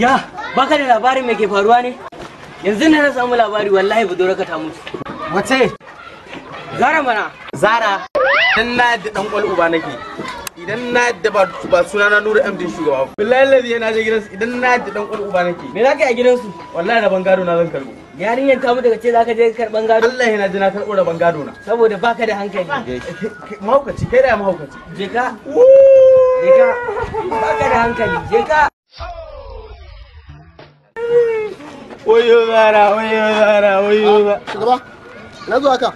Ya, baka da labarin me ke faruwa ne? Yanzu na na samu labari wallahi budurarka ta mutu. Wace? Zara mana. Zara, dan na da dan kwal uba nake. Idan na da ba ba suna na Nuru MD shugaba. Billahi lazi yana je gidansu idan na da dan kwal uba nake. Me zaka yi a gidansu? Wallahi da gado na zan karbo. Yarinyar ta mutu kace zaka je karban gado. Allah yana jina na karbo raban gado na. Saboda baka da hankali. Mahaukaci kai da mahaukaci. Je ka. Je ka. Baka da hankali. Je ka. wayo zara wayo zara wayo ah, ba shugaba na zuwa ka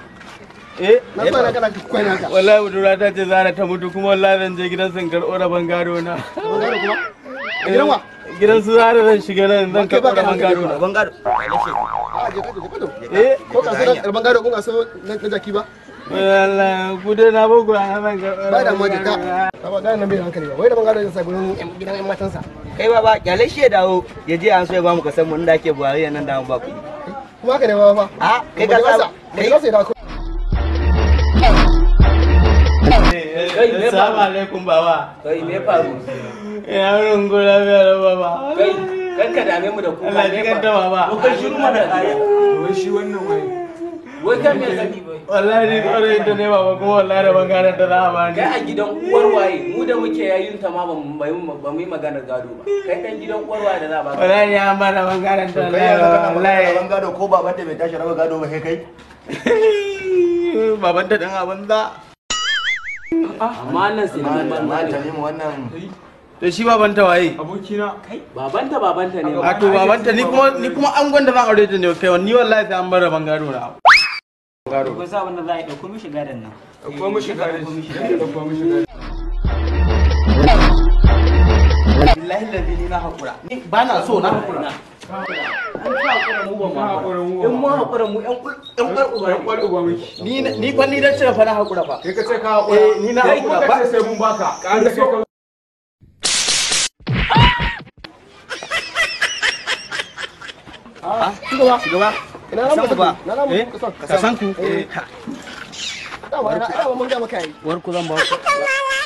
eh na zuwa na kana wallahi budura ta ce zara ta mutu kuma wallahi zan je gidan sun karɓo da gado na bangaro kuma eh, gidan wa gidan su zara zan shiga nan zan karɓo da gado na bangaro ah, eh ko ka so rabon ko ka so na jaki ba wallahi gudu na bugu a nan ba da mu ba da nan bai hankali ba wai sa gidan matansa kai ba ba kyalai shi ya dawo ya je an so ya bamu kasan mu inda ake buhari ya nan da mu ba ku kuma ka da ba ba a kai ka sa kai ka sa da ku Assalamu alaikum baba. Kai me faru? Ya wurin gura biya da baba. Kai kanka da dame mu da kuka ne ba. Allah ya kanta baba. Ko kai shiru mana. Wai shi wannan wai wallahi ni da ne ba kuma wallahi da ban gane da za a bani kai a gidan uwar waye mu da muke yayin ta ma ba mu yi magana gado ba kai dan gidan uwar waye da za a bani wallahi ya ba da ban gane wallahi ban gado ko baban da bai tashi raba gado ba kai kai baban da dan abin za malam sai babanta waye babanta babanta ne a to babanta ni kuma ni kuma zan aure ta ne kai ni wallahi sai an bar na gado ko sa wanda za a dauko mishi gadon nan dauko eh, mishi gadon dauko mishi gadon billahi ladhi ni na hakura ba na so na hakura ni fa ni dan cire fa na hakura fa kai ka ce ka hakura eh, ni na hakura ba sai mun baka ka ce Ah, gaba. Gaba. ina nan ba eh? eh. Eh. na kasan ku eh da ba mun ga zan ba ku